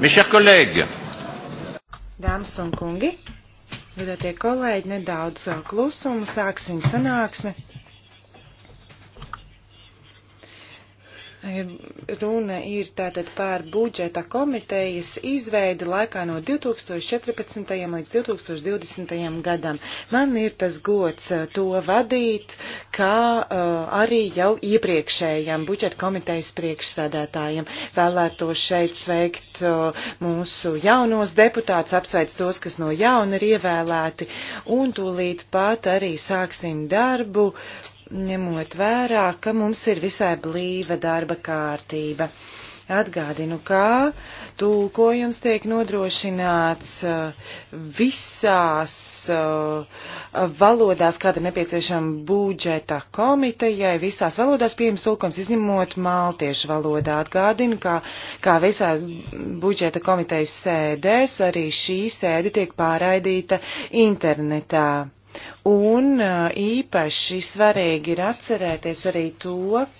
Mes chers collègues. Dāmas un kungi, godātie kolēģi, nedaudz uh, klusumu, sāksim sanāksmi. ir tātad pār budžeta komitejas izveidi laikā no 2014. līdz 2020. gadam. Man ir tas gods eh, to vadīt, kā uh, arī jau iepriekšējam budžeta komitejas priekšsēdētājam. Vēlētos šeit sveikt uh, mūsu jaunos deputātus, apsveic tos, kas no jauna ir ievēlēti, un tūlīt pat arī sāksim darbu ņemot vērā, ka mums ir visai blīva darba kārtība. Atgādinu, kā tulkojums tiek nodrošināts uh, visās uh, valodās, kāda nepieciešama budžeta komitejai, visās valodās pieejams tulkojums, izņemot maltiešu valodā. Atgādinu, kā, kā visā budžeta komitejas sēdēs arī šī sēde tiek pārraidīta internetā. Un eh, īpaši svarīgi ir atcerēties arī to,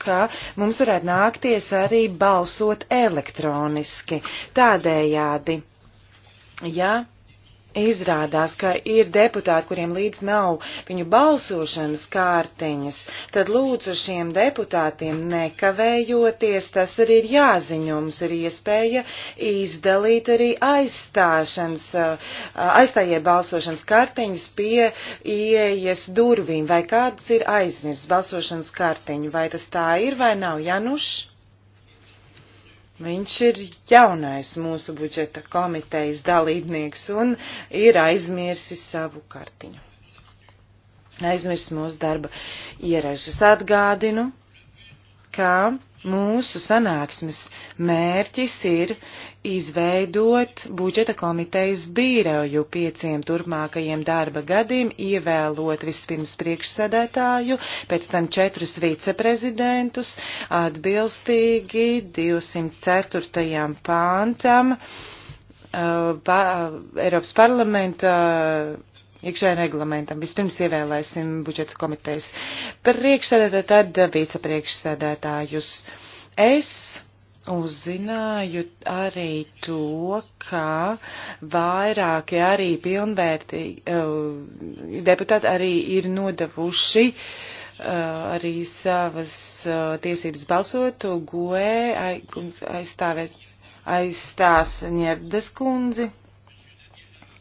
ka mums varētu nākties arī balsot elektroniski. Tādējādi, ja Izrādās, ka ir deputāti, kuriem līdz nav viņu balsošanas kārtiņas, tad lūdzu šiem deputātiem nekavējoties, tas arī ir jāziņo, mums ir iespēja izdalīt arī aizstāšanas, aizstājie balsošanas kārtiņas pie ieejas durvīm, vai kāds ir aizmirst balsošanas kārtiņu, vai tas tā ir vai nav, Januš? Viņš ir jaunais mūsu budžeta komitejas dalībnieks un ir aizmirsis savu kartiņu. Aizmirsis mūsu darba ieražas atgādinu, ka Mūsu sanāksmes mērķis ir izveidot budžeta komitejas bīroju pieciem turpmākajiem darba gadiem, ievēlot vispirms priekšsēdētāju, pēc tam četrus viceprezidentus atbilstīgi 204. pāntam uh, pa, uh, Eiropas parlamenta. Uh, iekšējā reglamentam. Vispirms ievēlēsim budžetu komitejas priekšsēdētāju, tad vicepriekšsēdētājus. Es uzzināju arī to, ka vairāki arī pilnvērtīgi uh, deputāti arī ir nodevuši uh, arī savas uh, tiesības balsot, goē aizstāvēs aizstās Ņerdes kundzi.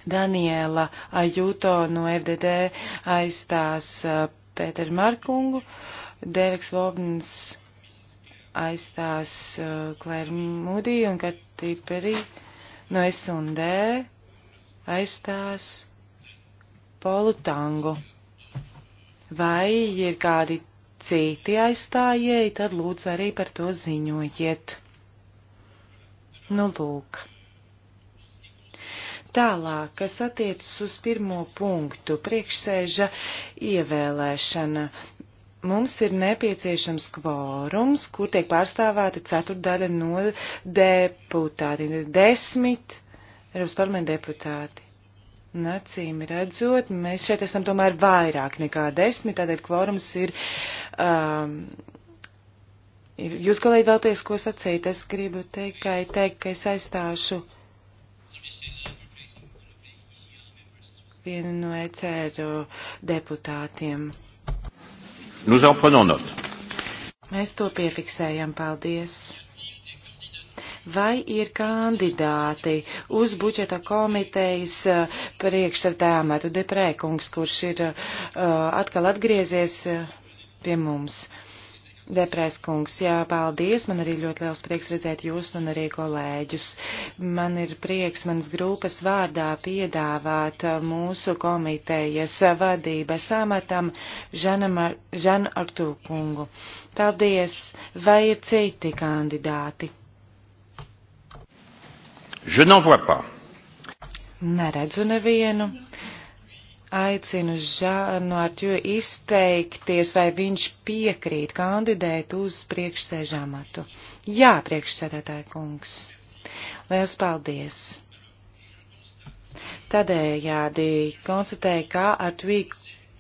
Daniela Ajuto no FDD aizstās uh, Pēteru Markungu, Deriks Lobns aizstās uh, Klēru Mudī un Katī Perī no S&D aizstās Polu Tangu. Vai ir kādi citi aizstājēji, tad lūdzu arī par to ziņojiet. Nu, lūk. Tālāk, kas attiecas uz pirmo punktu, priekšsēža ievēlēšana. Mums ir nepieciešams kvorums, kur tiek pārstāvēta ceturdaļa no deputātiem. Desmit Eiropas parlamenta deputāti. Nacīm redzot, mēs šeit esam tomēr vairāk nekā desmit, tādēļ kvorums ir. Um, ir jūs, kolēģi, vēlties ko sacīt? Es gribu tikai teikt, ka es aizstāšu vienu no ECR deputātiem. Nous en prenons note. Mēs to piefiksējam, paldies. Vai ir kandidāti uz budžeta komitejas uh, priekšsardā amatu deprēkungs, kurš ir uh, atkal atgriezies uh, pie mums? Uh, Depres kungs, jā, paldies. Man arī ļoti liels prieks redzēt jūs un arī kolēģus. Man ir prieks manas grupas vārdā piedāvāt uh, mūsu komitejas vadības amatam Žanu Artu kungu. Paldies. Vai ir citi kandidāti? Je n'en vois pas. Neredzu nevienu aicinu Žānu Artjo izteikties, vai viņš piekrīt kandidēt uz priekšsēžamatu. Jā, priekšsēdētāja kungs. Liels paldies! Tādējādi konstatēja, ka Artvi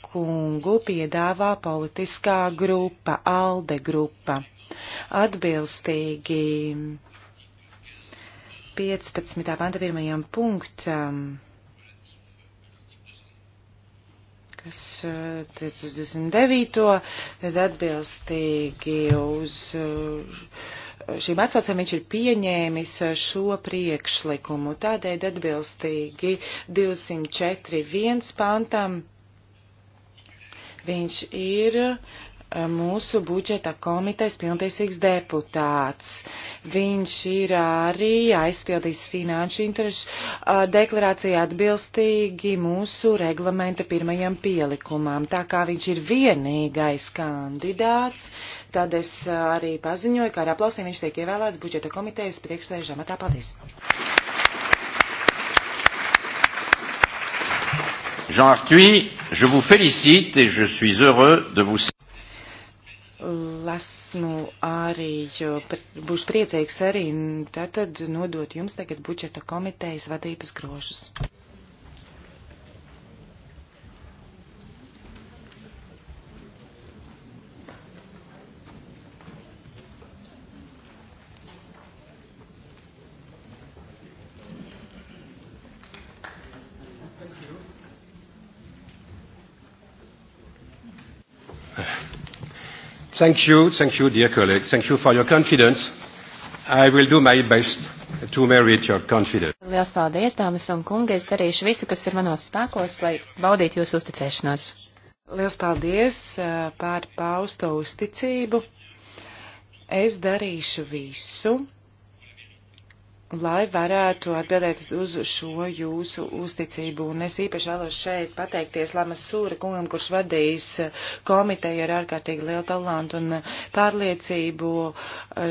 kungu piedāvā politiskā grupa, ALDE grupa. Atbilstīgi 15. panta pirmajam punktam kas eh, tiec uz 29. tad atbilstīgi uz eh, šīm atsaucēm viņš ir pieņēmis eh, šo priekšlikumu. Tādēļ atbilstīgi 204.1 pantam viņš ir uh, mūsu budžeta komitejas pilntiesīgs deputāts. Viņš ir arī aizpildījis finanšu interešu deklarāciju atbilstīgi mūsu reglamenta pirmajam pielikumam. Tā kā viņš ir vienīgais kandidāts, tad es arī paziņoju, ka ar aplausiem viņš tiek ievēlēts budžeta komitejas priekšsēžamā. Tā paldies! Jean Arthuis, je vous félicite et je suis heureux de vous Esmu arī, būšu priecīgs arī tātad nodot jums tagad budžeta komitejas vadības grožus. Thank you, thank you, dear colleague. Thank you for your confidence. I will do my best to merit your confidence. Lielas paldies, dāmas un kungi. Es darīšu visu, kas ir manos spēkos, lai baudītu jūsu uzticēšanos. Lielas paldies par pausto uzticību. Es darīšu visu, lai varētu atbildēt uz šo jūsu uzticību. Un es īpaši vēlos šeit pateikties Lamas Sūra kungam, kurš vadīs komiteju ar ārkārtīgi lielu talantu un pārliecību,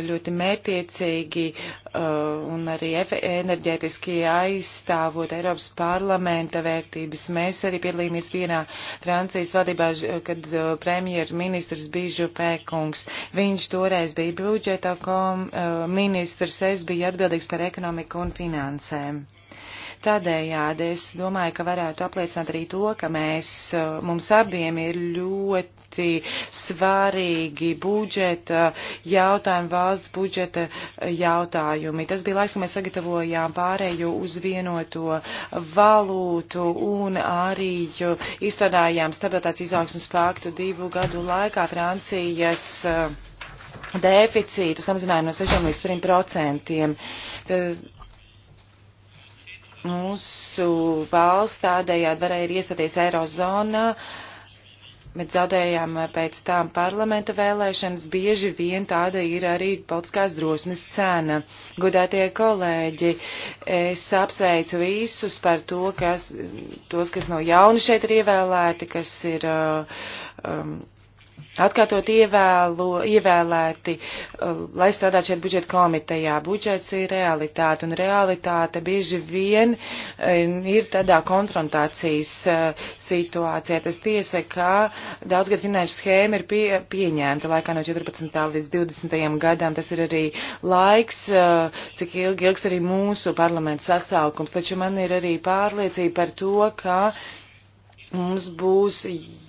ļoti mētiecīgi uh, un arī enerģētiski aizstāvot Eiropas parlamenta vērtības. Mēs arī piedalījāmies vienā Francijas vadībā, kad uh, premjerministrs bija Župēkungs. Viņš toreiz bija budžeta kom, uh, ministrs, es biju atbildīgs par ekonomiku un finansēm. Tādējādi es domāju, ka varētu apliecināt arī to, ka mēs, uh, mums abiem ir ļoti svarīgi budžeta jautājumi, valsts budžeta jautājumi. Tas bija laiks, kad mēs sagatavojām pārēju uz vienoto valūtu un arī uh, izstrādājām stabilitātes izaugsmas paktu divu gadu laikā Francijas. Uh, deficītu samazināja no 6 līdz 3 procentiem. Mūsu valsts tādējādi varēja iestāties Eirozonā, bet zaudējām pēc tām parlamenta vēlēšanas. Bieži vien tāda ir arī politiskās drosmes cena. Godātie kolēģi, es apsveicu visus par to, kas, tos, kas no jauna šeit ir ievēlēti, kas ir. Uh, um, atkārtot ievēlo, ievēlēti, uh, lai strādātu šeit budžeta komitejā. Budžets ir realitāte, un realitāte bieži vien uh, ir tādā konfrontācijas uh, situācijā. Tas tiesa, ka daudzgad finanšu schēma ir pie, pieņēmta laikā no 14. līdz 20. gadam. Tas ir arī laiks, cik ilgi ilgs arī mūsu parlaments sasaukums, taču man ir arī pārliecība par to, ka Mums būs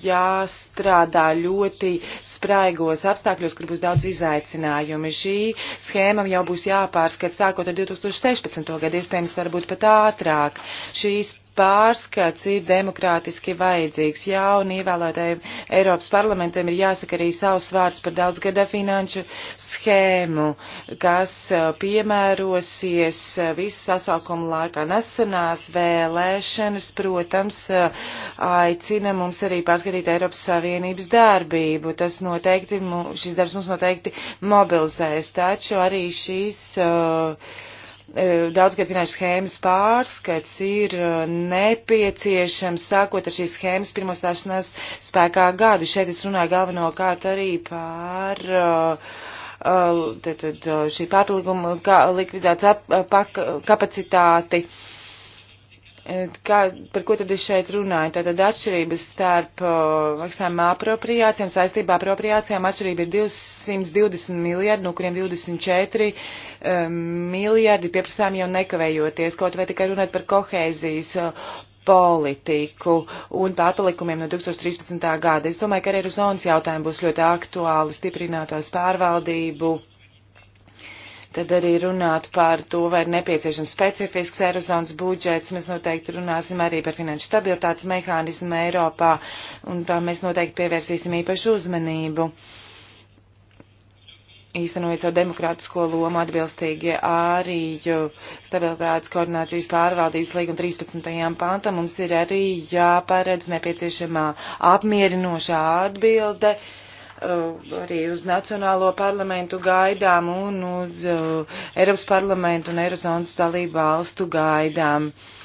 jāstrādā ļoti spraigos apstākļos, kur būs daudz izaicinājumi. Šī schēma jau būs jāpārskat sākot ar 2016. gadu, iespējams, varbūt pat ātrāk. Šīs pārskats ir demokrātiski vajadzīgs. Jauni ievēlētājiem Eiropas parlamentiem ir jāsaka arī savs vārds par daudzgadā finanšu schēmu, kas uh, piemērosies uh, visu sasaukumu laikā. Nesenās vēlēšanas, protams, uh, aicina mums arī pārskatīt Eiropas Savienības darbību. Tas noteikti, šis darbs mums noteikti mobilizēs, taču arī šīs uh, E, daudzgad finanšu schēmas pārskats ir e, nepieciešams sākot ar šīs schēmas pirmo stāšanās spēkā gadu. Šeit es runāju galvenokārt arī par e, tad, tad, šī pārpalikuma likvidācijas kapacitāti. Uh, kā, par ko tad es šeit runāju? Tātad atšķirības starp maksājuma apropriācijām, saistībā apropriācijām atšķirība ir 220 miljardi, no kuriem 24 um, e, miljardi pieprasām jau nekavējoties, kaut vai tikai runāt par kohēzijas politiku un pārpalikumiem no 2013. gada. Es domāju, ka arī ar zonas jautājumu būs ļoti aktuāli stiprināt tās pārvaldību Tad arī runāt par to, vai ir nepieciešams specifisks Eirozonas budžets. Mēs noteikti runāsim arī par finanšu stabilitātes mehānismu Eiropā, un tā mēs noteikti pievērsīsim īpašu uzmanību. Īstenojot savu demokrātisko lomu atbilstīgi arī stabilitātes koordinācijas pārvaldības līguma 13. pantam, mums ir arī jāparedz nepieciešamā apmierinošā atbilde. Uh, Uh, arī uz Nacionālo parlamentu gaidām un uz uh, Eiropas parlamentu un Eirozonas dalību valstu gaidām. Uh,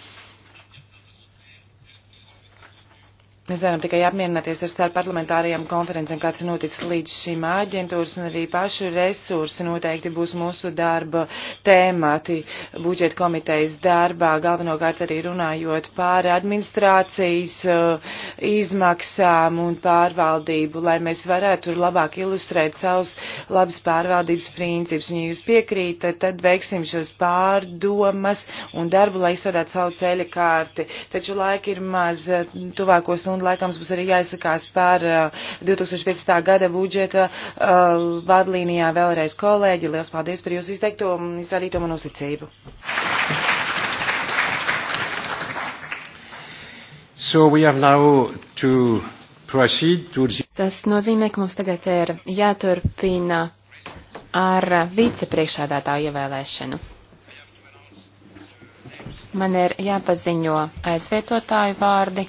Mēs varam tikai apmierināties ar starpparlamentārajām konferencēm, kāds ir noticis līdz šim aģentūras, un arī pašu resursi noteikti būs mūsu darba tēmati budžeta komitejas darbā, galvenokārt arī runājot pār administrācijas uh, izmaksām un pārvaldību, lai mēs varētu labāk ilustrēt savus labas pārvaldības principus. Un, ja jūs piekrītat, tad veiksim šos pārdomas un darbu, lai izsādātu savu ceļa kārti. Taču laika ir maz tuvākos. No un laikams būs arī jāizsakās par 2015. Eh, gada budžeta eh, vadlīnijā vēlreiz kolēģi. Liels paldies par jūsu izteikto un izrādīto man uzticību. So we have now to proceed to the... Tas nozīmē, ka mums tagad ir jāturpina ar vicepriekšādātāju ievēlēšanu. Man ir jāpaziņo aizvietotāju vārdi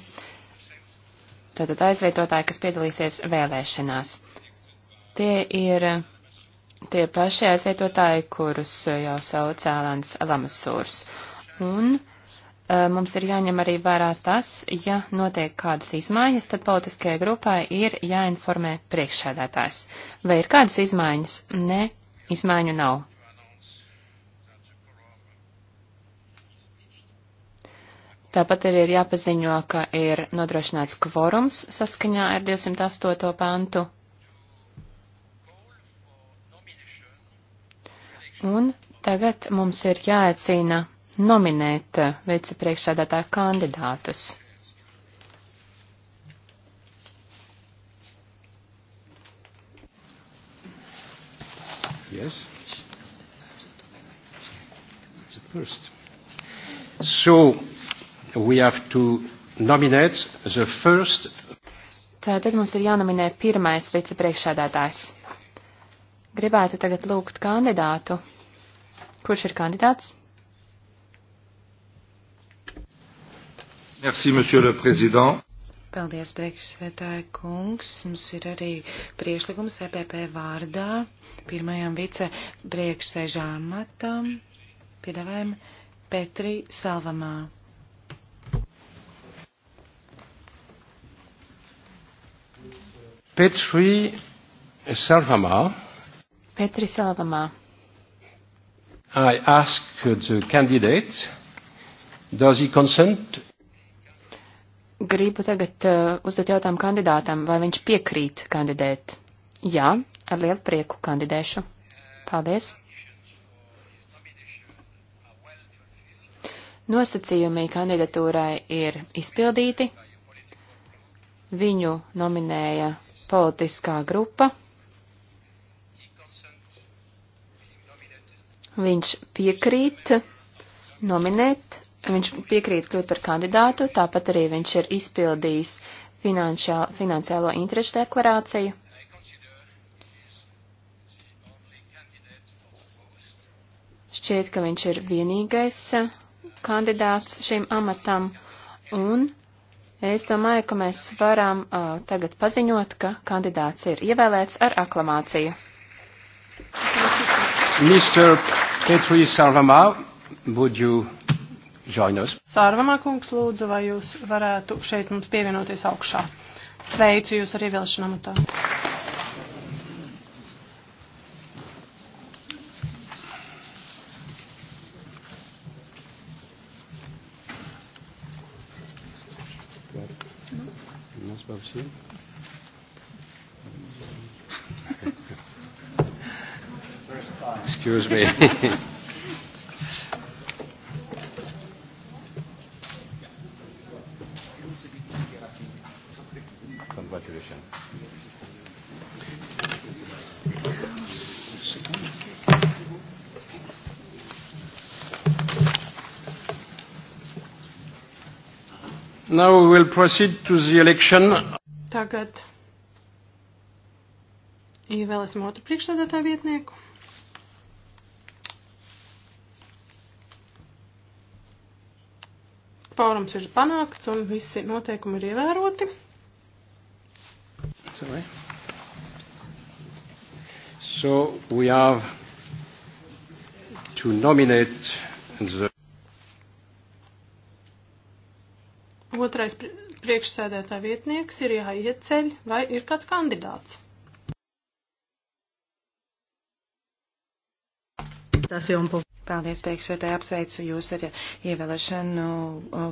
tātad aizvietotāji, kas piedalīsies vēlēšanās. Tie ir tie paši aizvietotāji, kurus jau sauc Ēlans Lamasūrs. Un eh, mums ir jāņem arī vērā tas, ja notiek kādas izmaiņas, tad politiskajai grupai ir jāinformē priekšsēdētājs. Vai ir kādas izmaiņas? Nē, izmaiņu nav. Tāpat arī ir jāpaziņo, ka ir nodrošināts kvorums saskaņā ar 208. pantu. Un tagad mums ir jāaicina nominēt vicepriekšādātāju kandidātus. Yes. First. So we have to nominate the first. Tātad mums ir jānominē pirmais vicepriekšsēdētājs. Gribētu tagad lūgt kandidātu. Kurš ir kandidāts? Merci, monsieur le président. Paldies, priekšsētāja kungs. Mums ir arī priešlikums EPP vārdā pirmajam vice priekšsēžā matam. Piedāvājam Petri Salvamā. Petri Sarvama. Petri Sarvama. I ask the candidate, does he consent? Gribu tagad uh, uzdot jautājumu kandidātam, vai viņš piekrīt kandidēt. Jā, ar lielu prieku kandidēšu. Paldies. Nosacījumi kandidatūrai ir izpildīti. Viņu nominēja politiskā grupa. Viņš piekrīt nominēt, viņš piekrīt kļūt par kandidātu, tāpat arī viņš ir izpildījis finansiālo interešu deklarāciju. Šķiet, ka viņš ir vienīgais kandidāts šim amatam, un Es domāju, ka mēs varam uh, tagad paziņot, ka kandidāts ir ievēlēts ar aklamāciju. Mr. Petri Sarvamā, would you join us? Sarvamā kungs, lūdzu, vai jūs varētu šeit mums pievienoties augšā? Sveicu jūs ar ievēlšanu amatā. dazu? Excuse me. Congratulations. Now we will proceed to the election Tagad ievēlēsim otru priekšsēdētāju vietnieku. Kvorums ir panākts un visi noteikumi ir ievēroti. Sorry. So we have to nominate the Otrais priekšsēdētāja vietnieks ir jāieceļ vai ir kāds kandidāts. Tas jau un pēc. Paldies, priekšsēdē, apsveicu jūs ar ievēlēšanu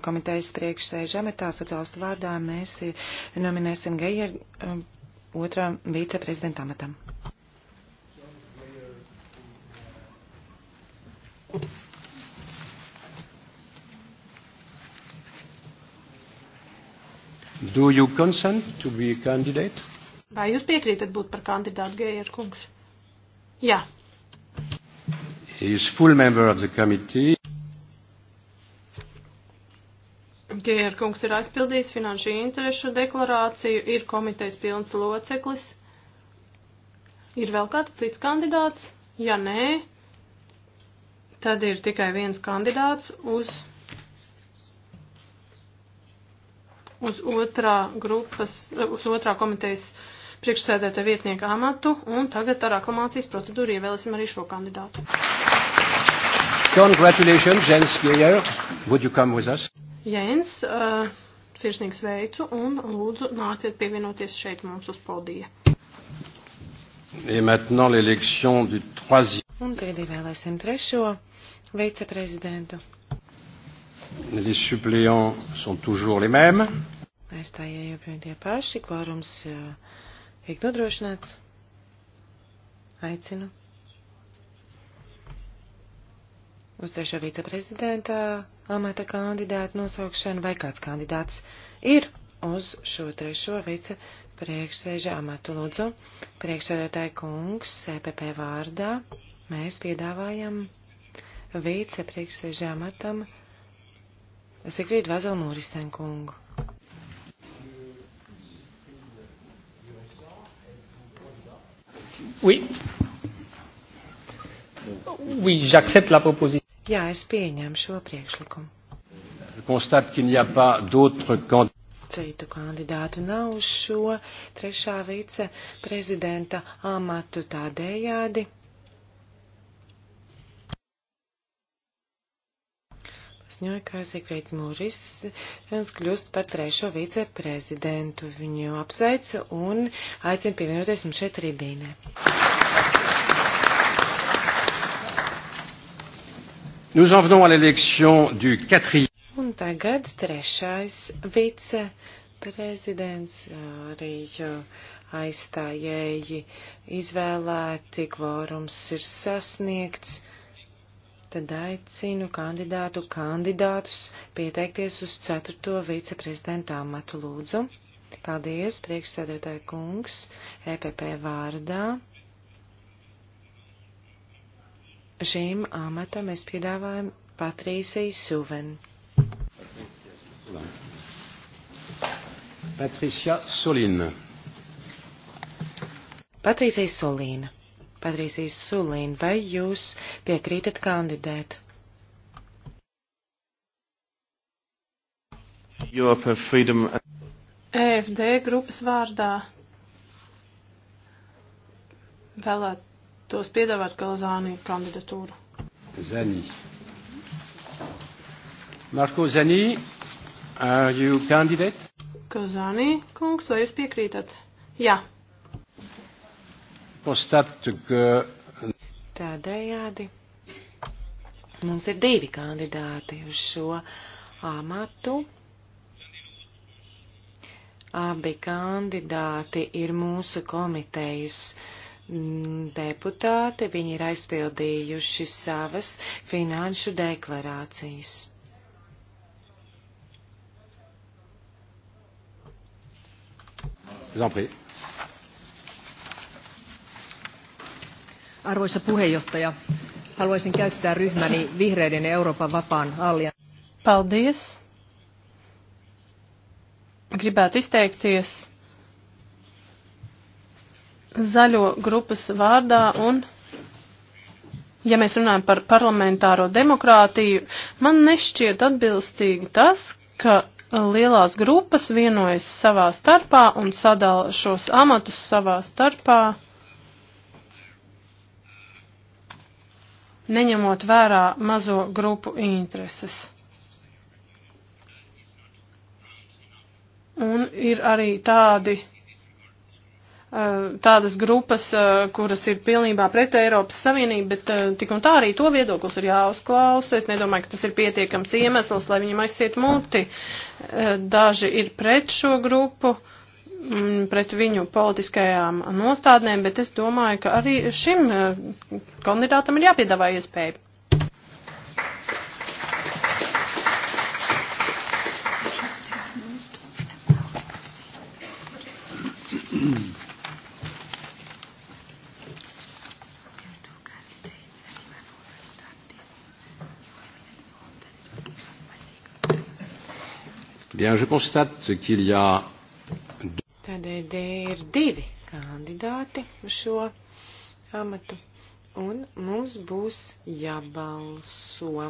komitejas priekšsēžam. Ir tā sociālistu vārdā mēs nominēsim Geijer otrā viceprezidenta amatam. Do you consent to be a candidate? Vai jūs piekrītat būt par kandidātu Geijer kungs? Jā. He is full member of the committee. Geijer kungs ir aizpildījis finanšu interešu deklarāciju, ir komitejas pilns loceklis. Ir vēl kāds cits kandidāts? Ja nē, tad ir tikai viens kandidāts uz uz otrā grupas, eh, uz otrā komitejas priekšsēdētāja vietnieka amatu, un tagad ar aklamācijas procedūru ievēlēsim arī šo kandidātu. Congratulations, Jens Geyer. Would you come with us? Jens, uh, eh, sirsnīgs veicu un lūdzu nāciet pievienoties šeit mums uz podija. Et maintenant l'élection du troisième. Un tagad ievēlēsim trešo viceprezidentu. Les suppléants sont toujours les mêmes. Aizstājēji joprojām tie paši, kvārums tiek nodrošināts. Aicinu. Uz trešā viceprezidenta amata kandidātu nosaukšanu vai kāds kandidāts ir uz šo trešo vicepriekšsēža amatu lūdzu. Priekšsēdētāja kungs EPP vārdā mēs piedāvājam vicepriekšsēža amatam Es piekrītu Vazel Morisen kungu. Oui. Oui, j'accepte la proposition. Jā, es pieņemu šo priekšlikumu. Constate qu'il n'y a pas d'autres candidats. Citu kandidātu nav šo trešā viceprezidenta amatu tādējādi. paziņoja, ka Sikrēts Mūris viens eh, kļūst par trešo viceprezidentu. Viņu apsveicu un aicinu pievienoties mums šeit tribīnē. Nous en venons à l'élection du quatrième. Un tagad trešais viceprezidents eh, arī eh, aizstājēji izvēlēti, kvorums ir sasniegts. Tad aicinu kandidātu kandidātus pieteikties uz 4. viceprezidenta amatu lūdzu. Paldies, priekšsēdētāja kungs, EPP vārdā. Šīm amatam mēs piedāvājam Patrīsiju Suvenu. Patricia Solīna. Patrīsija Solīna. Patrīsīs Sulīna, vai jūs piekrītat kandidēt? EFD e grupas vārdā vēlētos piedāvāt Kalzāni kandidatūru. Zani. Marko Zani, are you candidate? Kalzāni, kungs, vai jūs piekrītat? Jā. Ja konstatu, ka. Tādējādi mums ir divi kandidāti uz šo amatu. Abi kandidāti ir mūsu komitejas mm, deputāti, viņi ir aizpildījuši savas finanšu deklarācijas. Zemprie. Arvoisa puheenjohtaja, haluaisin käyttää ryhmäni vihreiden ja Euroopan vapaan allian. Paldies. Gribētu izteikties zaļo grupas vārdā un, ja mēs runājam par parlamentāro demokrātiju, man nešķiet atbilstīgi tas, ka lielās grupas vienojas savā starpā un sadala šos amatus savā starpā. neņemot vērā mazo grupu intereses. Un ir arī tādi, eh, tādas grupas, eh, kuras ir pilnībā pret Eiropas Savienību, bet eh, tik un tā arī to viedoklis ir jāuzklausa. Es nedomāju, ka tas ir pietiekams iemesls, lai viņam aizsiet muti. Daži ir pret šo grupu. Uh, Mm, pret viņu politiskajām nostādnēm, bet es domāju, ka arī šim eh, kandidātam ir jāpiedāvā iespēja. Bien, je constate qu'il y a Tādēļ ir divi kandidāti uz šo amatu, un mums būs jābalso.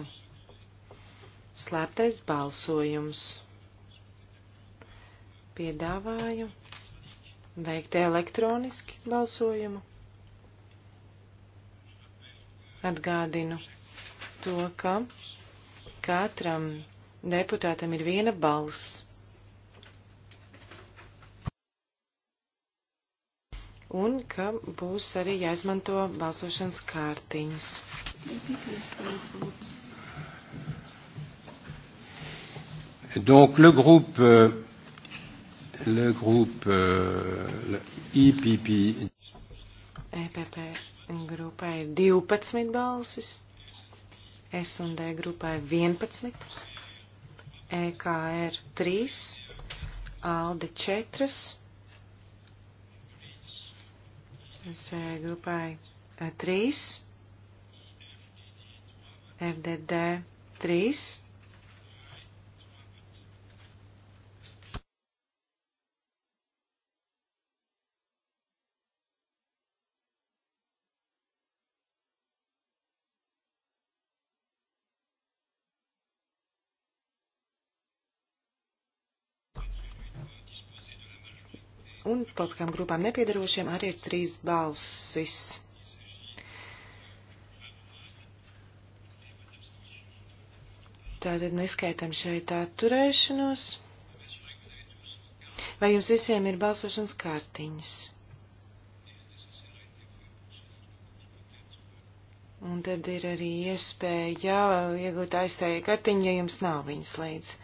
Slēptais balsojums. Piedāvāju veikt elektroniski balsojumu. Atgādinu to, ka katram deputātam ir viena balss. un ka būs arī jāizmanto balsošanas kārtiņas. Donc le groupe, euh, le groupe euh, le IPP. E EPP grupai ir 12 balsis, S&D grupai 11, EKR 3, ALDE 4. Es eh, grupai 3, FDD 3. politiskām grupām nepiedarošiem arī ir trīs balsis. Tātad neskaitam šeit atturēšanos. Vai jums visiem ir balsošanas kārtiņas? Un tad ir arī iespēja iegūt aizstāja kartiņu, ja jums nav viņas līdz.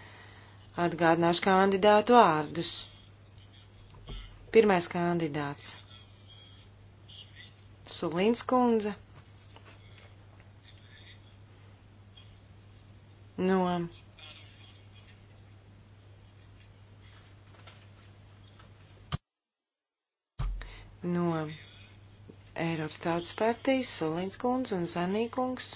Atgādināšu kandidātu vārdus. Pirmais kandidāts - Sulīns kundze no no Eiropas Tautas partijas Sulīns kundze un Zanīkungs.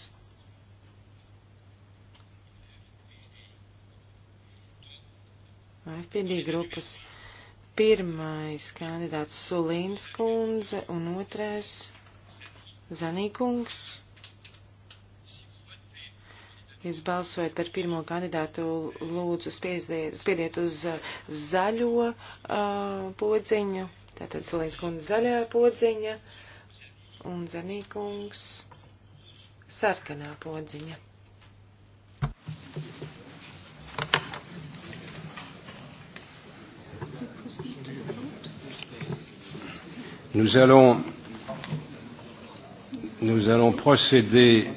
FPD grupas. Pirmais kandidāts Sulīns kundze un otrais Zanīkungs. Jūs balsojat par pirmo kandidātu, lūdzu spiediet, spiediet uz uh, zaļo uh, podziņu, tātad Sulīns kundze zaļā podziņa un Zanīkungs sarkanā podziņa. Nous allons, nous allons procéder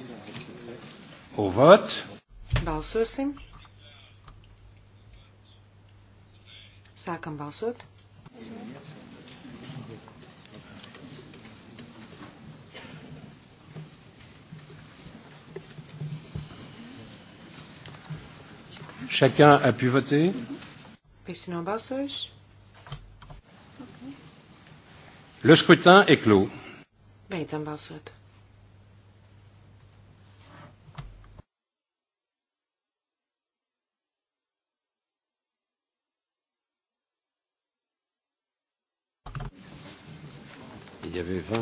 au vote. Balsosim. Sākam balsot. Chacun a pu voter? Visi nobalsojuši. Le scrutin est clos. Beidzam balsot. Il y avait 20,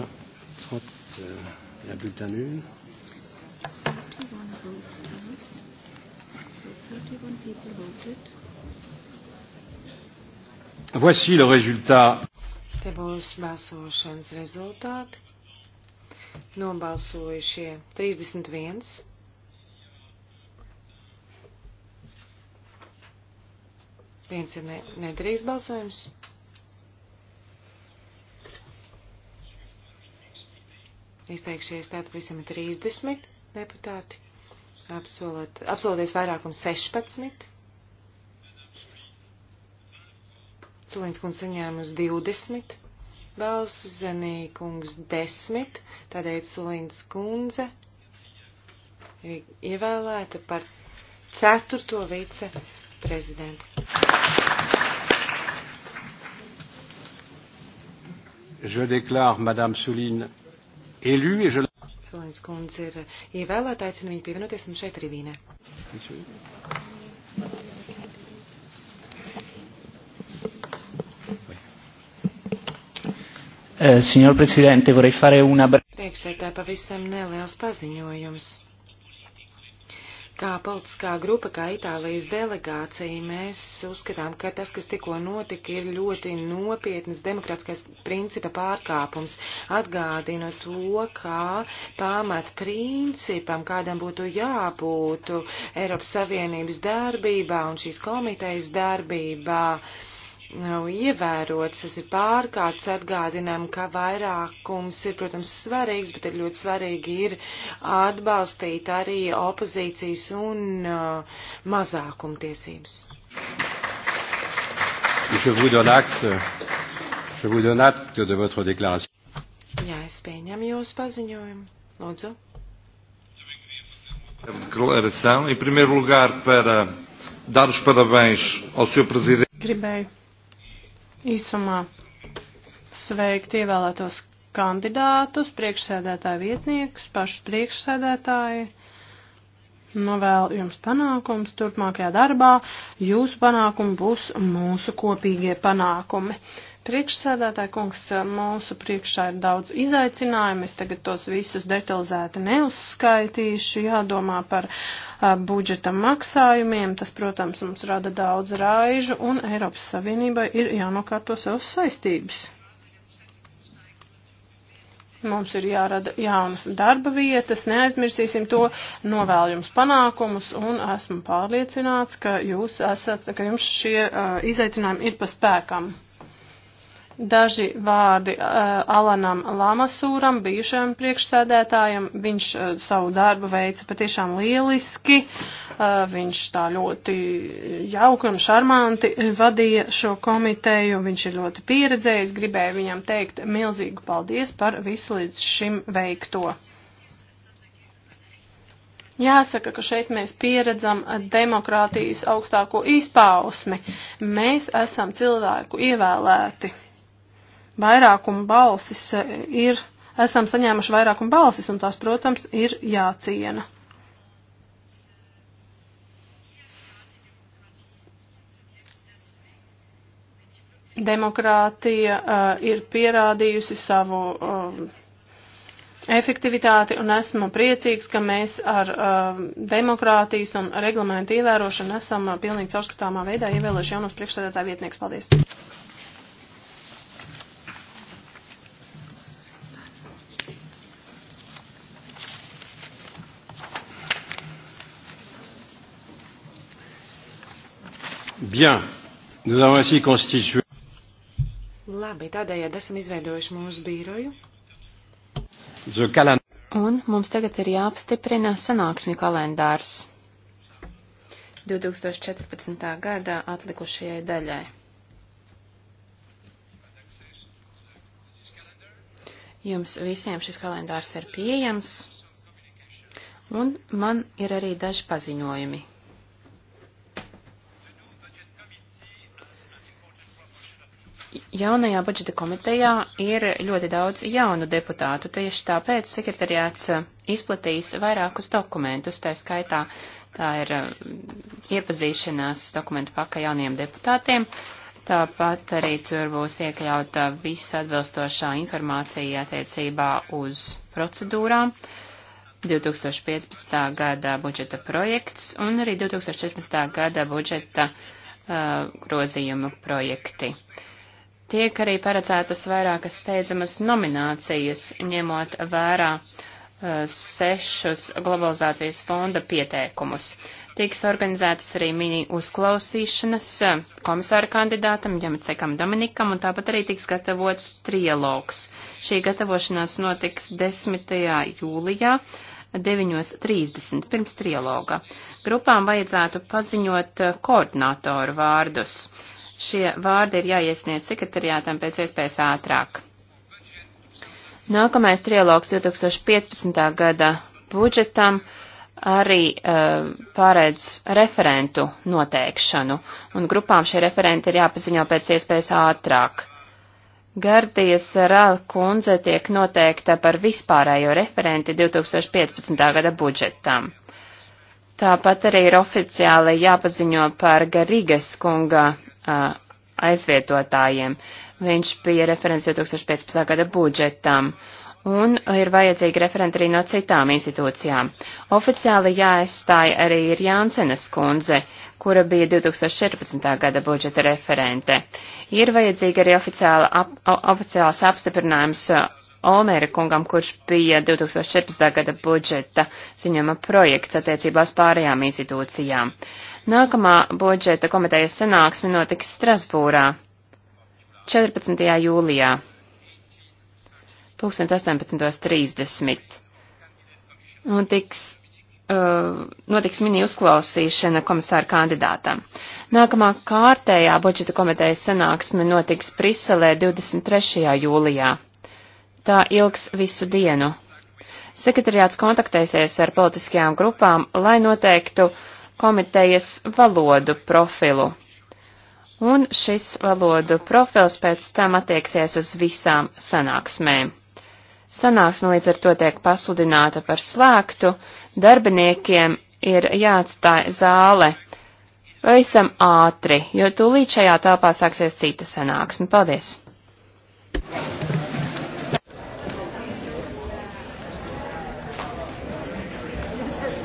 30, euh, la bulletin nul. Voici le résultat būs balsošanas rezultāti. Nobalsojušie 31. Viens ir ne, nedrīkst balsojums. Izteikšies tātad visam ir 30 deputāti. Absolot, absoloties vairākums 16. Sulīns kundze saņēma uz 20. Balsuzenī kungs desmit, tādēļ Sulīnas kundze ievēlēta par ceturto vice prezidentu. Je déclare Madame Souline élue et je la. Sulīnas kundze ir ievēlēta, aicinu viņu pievienoties un šeit arī vīnē. Monsieur. Eh, signor Presidente, vorrei fare una breve. Priekšsētā pavisam neliels paziņojums. Kā politiskā grupa, kā Itālijas delegācija, mēs uzskatām, ka tas, kas tikko notika, ir ļoti nopietnas demokrātiskais principa pārkāpums. Atgādina to, kā pamat principam, kādam būtu jābūt Eiropas Savienības darbībā un šīs komitejas darbībā. Uh, nav ievērots, tas ir pārkāpts, atgādinām, ka vairākums ir, protams, svarīgs, bet ir ļoti svarīgi ir atbalstīt arī opozīcijas un uh, mazākumtiesības. Je vous donne acte, je vous donne acte de votre déclaration. Jā, es pieņemu jūsu paziņojumu. Lūdzu. Declaração. Em primeiro lugar, para dar os parabéns ao Sr. Presidente. Gribēju Īsumā sveikt ievēlētos kandidātus, priekšsēdētāju vietniekus, pašu priekšsēdētāju. Novēlu jums panākums turpmākajā darbā. Jūsu panākumi būs mūsu kopīgie panākumi. Priekšsēdētāji kungs, mūsu priekšā ir daudz izaicinājumu. Es tagad tos visus detalizēti neuzskaitīšu. Jādomā par budžeta maksājumiem. Tas, protams, mums rada daudz raižu un Eiropas Savienībai ir jānokārto savas saistības. Mums ir jārada jaunas darba vietas, neaizmirsīsim to novēljums panākumus un esmu pārliecināts, ka jūs esat, ka jums šie uh, izaicinājumi ir pa spēkam. Daži vārdi uh, Alanam Lamasūram, bijušajam priekšsēdētājam, viņš uh, savu darbu veica patiešām lieliski, uh, viņš tā ļoti jauki un šarmanti vadīja šo komiteju, viņš ir ļoti pieredzējis, gribēju viņam teikt milzīgu paldies par visu līdz šim veikto. Jāsaka, ka šeit mēs pieredzam demokrātijas augstāko izpausmi. Mēs esam cilvēku ievēlēti vairākuma balsis e, ir, esam saņēmuši vairākuma balsis, un tās, protams, ir jāciena. Demokrātija uh, ir pierādījusi savu uh, efektivitāti, un esmu priecīgs, ka mēs ar uh, demokrātijas un reglamentu ievērošanu esam uh, pilnīgi caurskatāmā veidā ievēlējuši jaunos priekšsēdētāju vietnieks. Paldies! Bien, nous avons ainsi constitué. Labi, tādējādi esam izveidojuši mūsu bīroju. Un mums tagad ir jāapstiprina sanāksmi kalendārs 2014. gada atlikušajai daļai. Jums visiem šis kalendārs ir pieejams, un man ir arī daži paziņojumi. jaunajā budžeta komitejā ir ļoti daudz jaunu deputātu, tieši tāpēc sekretariāts uh, izplatīs vairākus dokumentus, tā skaitā tā ir uh, iepazīšanās dokumentu paka jaunajiem deputātiem, tāpat arī tur būs iekļauta visa atbilstošā informācija attiecībā uz procedūrām. 2015. gada budžeta projekts un arī 2014. gada budžeta uh, grozījuma projekti. Uh, Tiek arī paredzētas vairākas steidzamas nominācijas, ņemot vērā uh, sešus globalizācijas fonda pieteikumus. Tiks organizētas arī mini uzklausīšanas uh, komisāra kandidātam Jamacekam Dominikam, un tāpat arī tiks gatavots trialogs. Šī gatavošanās notiks 10. jūlijā. 9.30 pirms trialoga. Grupām vajadzētu paziņot uh, koordinātoru vārdus. Šie vārdi ir jāiesniedz sekretariātam pēc iespējas ātrāk. Nākamais trialogs 2015. gada budžetam arī uh, pārēdz referentu noteikšanu, un grupām šie referenti ir jāpaziņo pēc iespējas ātrāk. Gardijas Rāla kundze tiek noteikta par vispārējo referenti 2015. gada budžetam. Tāpat arī ir oficiāli jāpaziņo par Garīgas kunga aizvietotājiem. Viņš bija referents 2015. gada budžetam. Un ir vajadzīgi referenti arī no citām institūcijām. Oficiāli jāaizstāja arī ir Jānsenes kundze, kura bija 2014. gada budžeta referente. Ir vajadzīgi arī oficiāla ap, oficiāls apstiprinājums Olmēra kungam, kurš bija 2014. gada budžeta ziņojuma projekts attiecībās pārējām institūcijām. Nākamā budžeta komitejas sanāksme notiks Strasbūrā 14. jūlijā 18.30. Un tiks uh, notiks mini uzklausīšana komisāra kandidātam. Nākamā kārtējā budžeta komitejas sanāksme notiks Briselē 23. jūlijā. Tā ilgs visu dienu. Sekretariāts kontaktēsies ar politiskajām grupām, lai noteiktu komitejas valodu profilu. Un šis valodu profils pēc tam attieksies uz visām sanāksmēm. Sanāksme līdz ar to tiek pasludināta par slēgtu, darbiniekiem ir jāatstāj zāle pavisam ātri, jo tūlīt šajā telpā sāksies cita sanāksme. Paldies!